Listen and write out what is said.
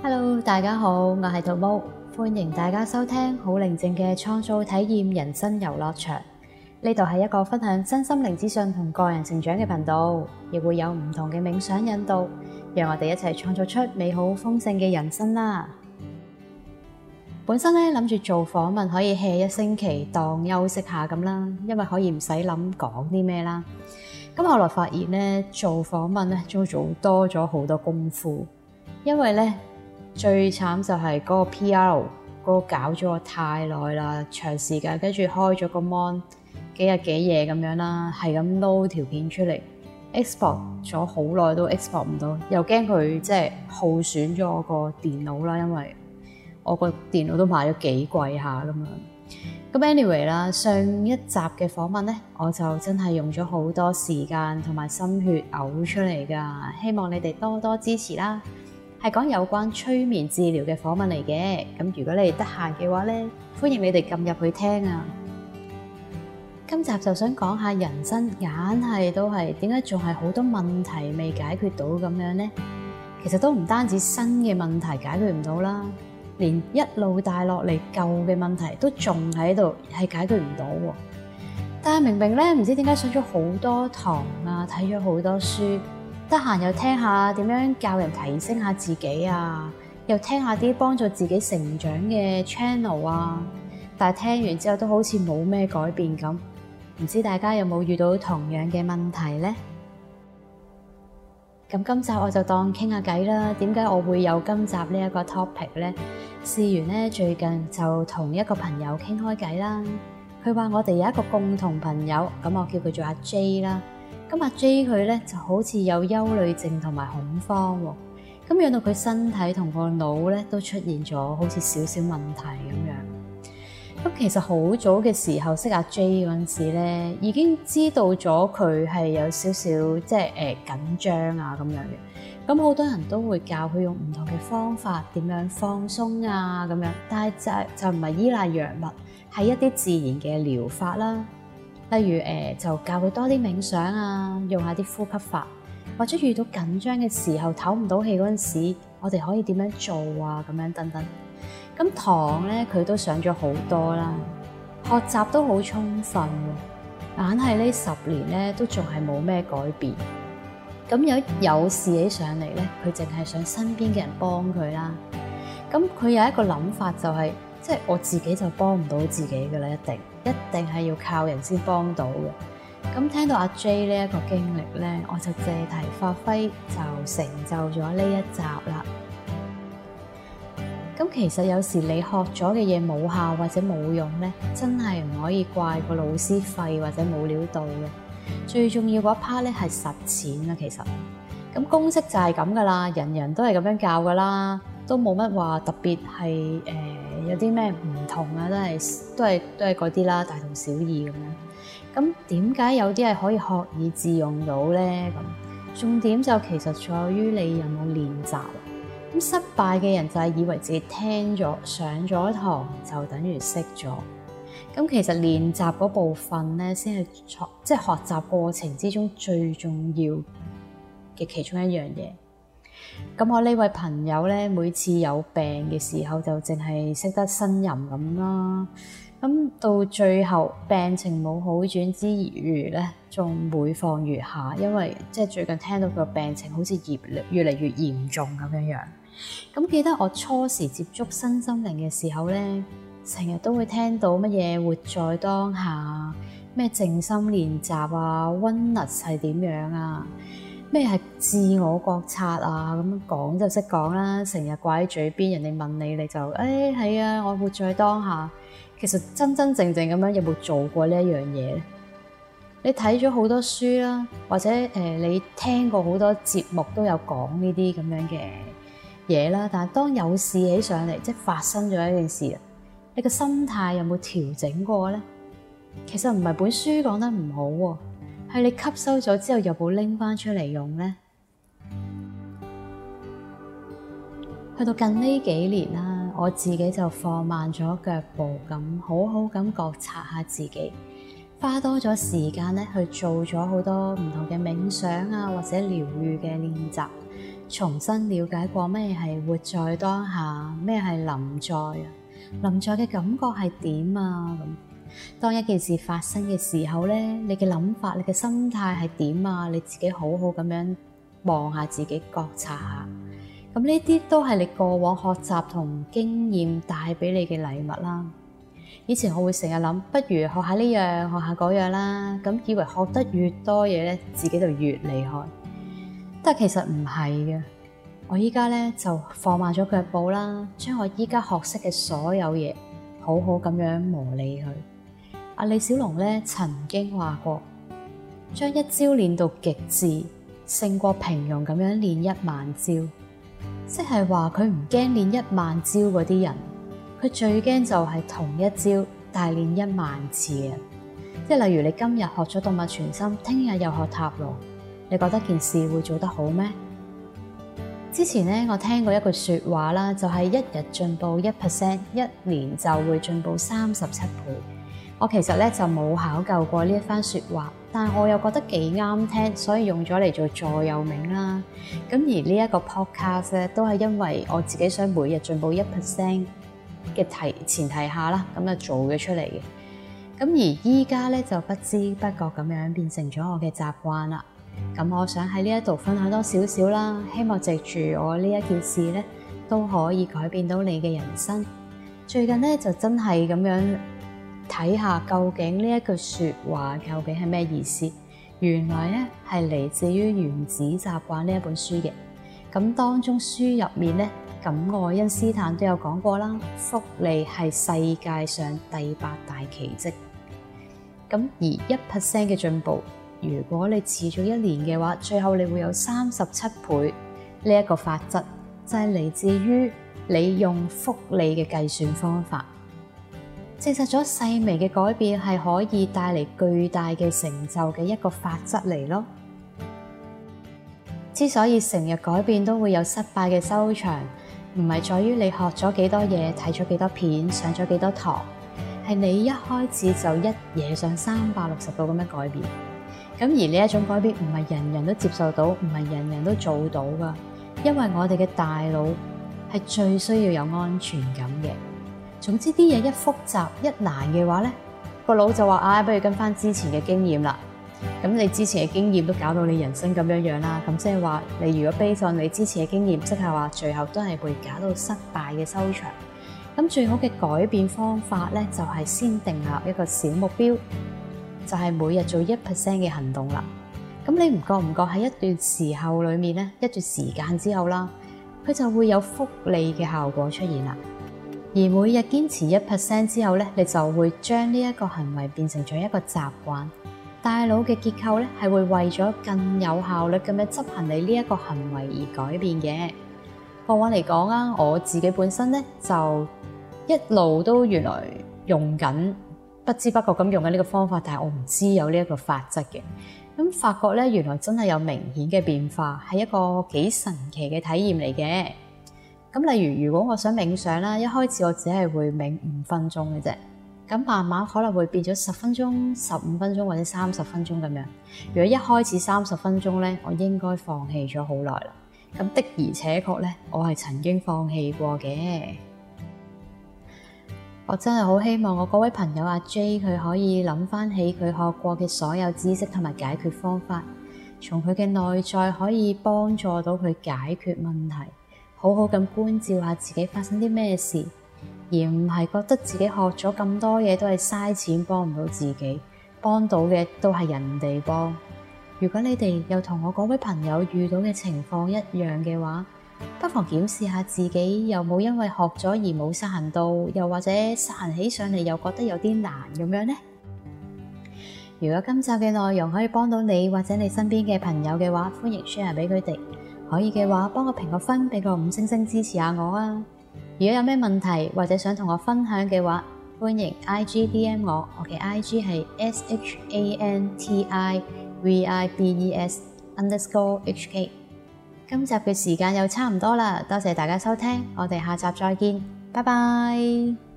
Hello，大家好，我係兔毛，歡迎大家收聽好寧靜嘅創造體驗人生遊樂場。呢度係一個分享真心靈資訊同個人成長嘅頻道，亦會有唔同嘅冥想引導，讓我哋一齊創造出美好豐盛嘅人生啦。本身咧諗住做訪問可以歇一星期當休息下咁啦，因為可以唔使諗講啲咩啦。咁後來發現咧做訪問咧，仲要多咗好多功夫，因為咧。最慘就係嗰個 P.R. 嗰個搞咗我太耐啦，長時間跟住開咗個 mon 幾日幾夜咁樣啦，係咁 load 條片出嚟，export 咗好耐都 export 唔到，又驚佢即係耗損咗我個電腦啦，因為我個電腦都買咗幾貴下噶嘛。咁 anyway 啦，上一集嘅訪問咧，我就真係用咗好多時間同埋心血嘔出嚟噶，希望你哋多多支持啦。係講有關催眠治療嘅訪問嚟嘅。咁如果你哋得閒嘅話咧，歡迎你哋撳入去聽啊！今集就想講下人生，眼係都係點解仲係好多問題未解決到咁樣咧？其實都唔單止新嘅問題解決唔到啦，連一路帶落嚟舊嘅問題都仲喺度係解決唔到。但係明明咧，唔知點解上咗好多堂啊，睇咗好多書。得閒又聽下點樣教人提升下自己啊，又聽下啲幫助自己成長嘅 channel 啊，但係聽完之後都好似冇咩改變咁，唔知大家有冇遇到同樣嘅問題咧？咁今集我就當傾下偈啦。點解我會有今集呢一個 topic 咧？事緣咧，最近就同一個朋友傾開偈啦。佢話我哋有一個共同朋友，咁我叫佢做阿 J 啦。咁阿 J 佢咧就好似有憂慮症同埋恐慌喎、哦，咁令到佢身體同個腦咧都出現咗好似少少問題咁樣。咁其實好早嘅時候識阿 J 嗰陣時咧，已經知道咗佢係有少少即係誒緊張啊咁樣嘅。咁好多人都會教佢用唔同嘅方法點樣放鬆啊咁樣，但係就就唔係依賴藥物，係一啲自然嘅療法啦。例如誒、呃、就教佢多啲冥想啊，用下啲呼吸法，或者遇到緊張嘅時候唞唔到氣嗰陣時，我哋可以點樣做啊？咁樣等等。咁堂咧佢都上咗好多啦，學習都好充份，但係呢十年咧都仲係冇咩改變。咁有有事起上嚟咧，佢淨係想身邊嘅人幫佢啦。咁佢有一個諗法就係、是。即係我自己就幫唔到自己嘅啦，一定一定係要靠人先幫到嘅。咁聽到阿 J 呢一個經歷咧，我就借題發揮，就成就咗呢一集啦。咁其實有時你學咗嘅嘢冇效或者冇用咧，真係唔可以怪個老師廢或者冇料到嘅。最重要嗰一 part 咧係實踐啊，其實咁公式就係咁噶啦，人人都係咁樣教噶啦，都冇乜話特別係誒。呃有啲咩唔同啊，都係都係都係嗰啲啦，大同小異咁樣。咁點解有啲係可以學以致用到咧？咁重點就其實在於你有冇練習。咁失敗嘅人就係以為自己聽咗上咗堂就等於識咗。咁其實練習嗰部分咧，先係即係學習過程之中最重要嘅其中一樣嘢。咁我呢位朋友咧，每次有病嘅時候就淨係識得呻吟咁啦。咁到最後病情冇好轉之餘咧，仲每況愈下，因為即係、就是、最近聽到個病情好似越嚟越嚟越嚴重咁樣樣。咁記得我初時接觸身心靈嘅時候咧，成日都會聽到乜嘢活在當下，咩靜心練習啊，溫習係點樣啊？咩係自我覺察啊？咁講就識講啦，成日掛喺嘴邊，人哋問你，你就誒，係啊，我活在當下。其實真真正正咁樣有冇做過呢一樣嘢咧？你睇咗好多書啦，或者誒、呃、你聽過好多節目都有講呢啲咁樣嘅嘢啦。但係當有事起上嚟，即係發生咗一件事啊，你個心態有冇調整過咧？其實唔係本書講得唔好喎、啊。係你吸收咗之後又冇拎翻出嚟用咧？去到近呢幾年啦，我自己就放慢咗腳步，咁好好咁覺察下自己，花多咗時間咧去做咗好多唔同嘅冥想啊，或者療愈嘅練習，重新了解過咩係活在當下，咩係臨在啊。臨在嘅感覺係點啊咁。當一件事發生嘅時候咧，你嘅諗法、你嘅心態係點啊？你自己好好咁樣望下自己，覺察下。咁呢啲都係你過往學習同經驗帶俾你嘅禮物啦。以前我會成日諗，不如學下呢樣，學下嗰樣啦。咁以為學得越多嘢，咧，自己就越厲害。但係其實唔係嘅。我依家咧就放慢咗腳步啦，將我依家學識嘅所有嘢，好好咁樣磨練佢。阿李小龍咧，曾經話過，將一招練到極致，勝過平庸咁樣練一萬招。即係話佢唔驚練一萬招嗰啲人，佢最驚就係同一招大練一萬次嘅人。即係例如你今日學咗動物傳心，聽日又學塔羅，你覺得件事會做得好咩？之前咧，我聽過一句說話啦，就係一日進步一 percent，一年就會進步三十七倍。我其實咧就冇考究過呢一番説話，但係我又覺得幾啱聽，所以用咗嚟做座右銘啦。咁而呢一個 podcast 咧，都係因為我自己想每日進步一 percent 嘅提前提下啦，咁就做咗出嚟嘅。咁而依家咧就不知不覺咁樣變成咗我嘅習慣啦。咁我想喺呢一度分享多少少啦，希望藉住我呢一件事咧，都可以改變到你嘅人生。最近咧就真係咁樣。睇下究竟呢一句説話究竟係咩意思？原來咧係嚟自於原子習慣呢一本書嘅。咁當中書入面咧，咁愛因斯坦都有講過啦。複利係世界上第八大奇蹟。咁而一 percent 嘅進步，如果你持咗一年嘅話，最後你會有三十七倍呢一個法則，就係嚟自於你用複利嘅計算方法。證實咗細微嘅改變係可以帶嚟巨大嘅成就嘅一個法則嚟咯。之所以成日改變都會有失敗嘅收場，唔係在於你學咗幾多嘢，睇咗幾多片，上咗幾多堂，係你一開始就一夜上三百六十度咁樣改變。咁而呢一種改變唔係人人都接受到，唔係人人都做到㗎，因為我哋嘅大腦係最需要有安全感嘅。總之啲嘢，一複雜一難嘅話咧，個腦就話唉、啊，不如跟翻之前嘅經驗啦。咁你之前嘅經驗都搞到你人生咁樣樣啦。咁即係話你如果悲 a 你之前嘅經驗，即係話最後都係會搞到失敗嘅收場。咁最好嘅改變方法咧，就係、是、先定立一個小目標，就係、是、每日做一 percent 嘅行動啦。咁你唔覺唔覺喺一段時候裏面咧，一段時間之後啦，佢就會有福利嘅效果出現啦。而每日堅持一 percent 之後咧，你就會將呢一個行為變成咗一個習慣。大腦嘅結構咧，係會為咗更有效率咁樣執行你呢一個行為而改變嘅。白話嚟講啊，我自己本身咧就一路都原來用緊，不知不覺咁用緊呢個方法，但係我唔知有呢一個法則嘅。咁發覺咧，原來真係有明顯嘅變化，係一個幾神奇嘅體驗嚟嘅。咁例如，如果我想冥想啦，一開始我只係會冥五分鐘嘅啫，咁慢慢可能會變咗十分鐘、十五分鐘或者三十分鐘咁樣。如果一開始三十分鐘咧，我應該放棄咗好耐啦。咁的而且確咧，我係曾經放棄過嘅。我真係好希望我嗰位朋友阿 J 佢可以諗返起佢學過嘅所有知識同埋解決方法，從佢嘅內在可以幫助到佢解決問題。好好咁觀照下自己發生啲咩事，而唔係覺得自己學咗咁多嘢都係嘥錢，幫唔到自己，幫到嘅都係人哋幫。如果你哋又同我嗰位朋友遇到嘅情況一樣嘅話，不妨檢視下自己又冇因為學咗而冇實行到，又或者實行起上嚟又覺得有啲難咁樣呢？如果今集嘅內容可以幫到你或者你身邊嘅朋友嘅話，歡迎 share 俾佢哋。可以嘅話，幫我評個分，俾個五星星支持下我啊！如果有咩問題或者想同我分享嘅話，歡迎 I G D M 我，我嘅 I G 係 S H A N T I V I B E S Underscore H K。今集嘅時間又差唔多啦，多謝大家收聽，我哋下集再見，拜拜。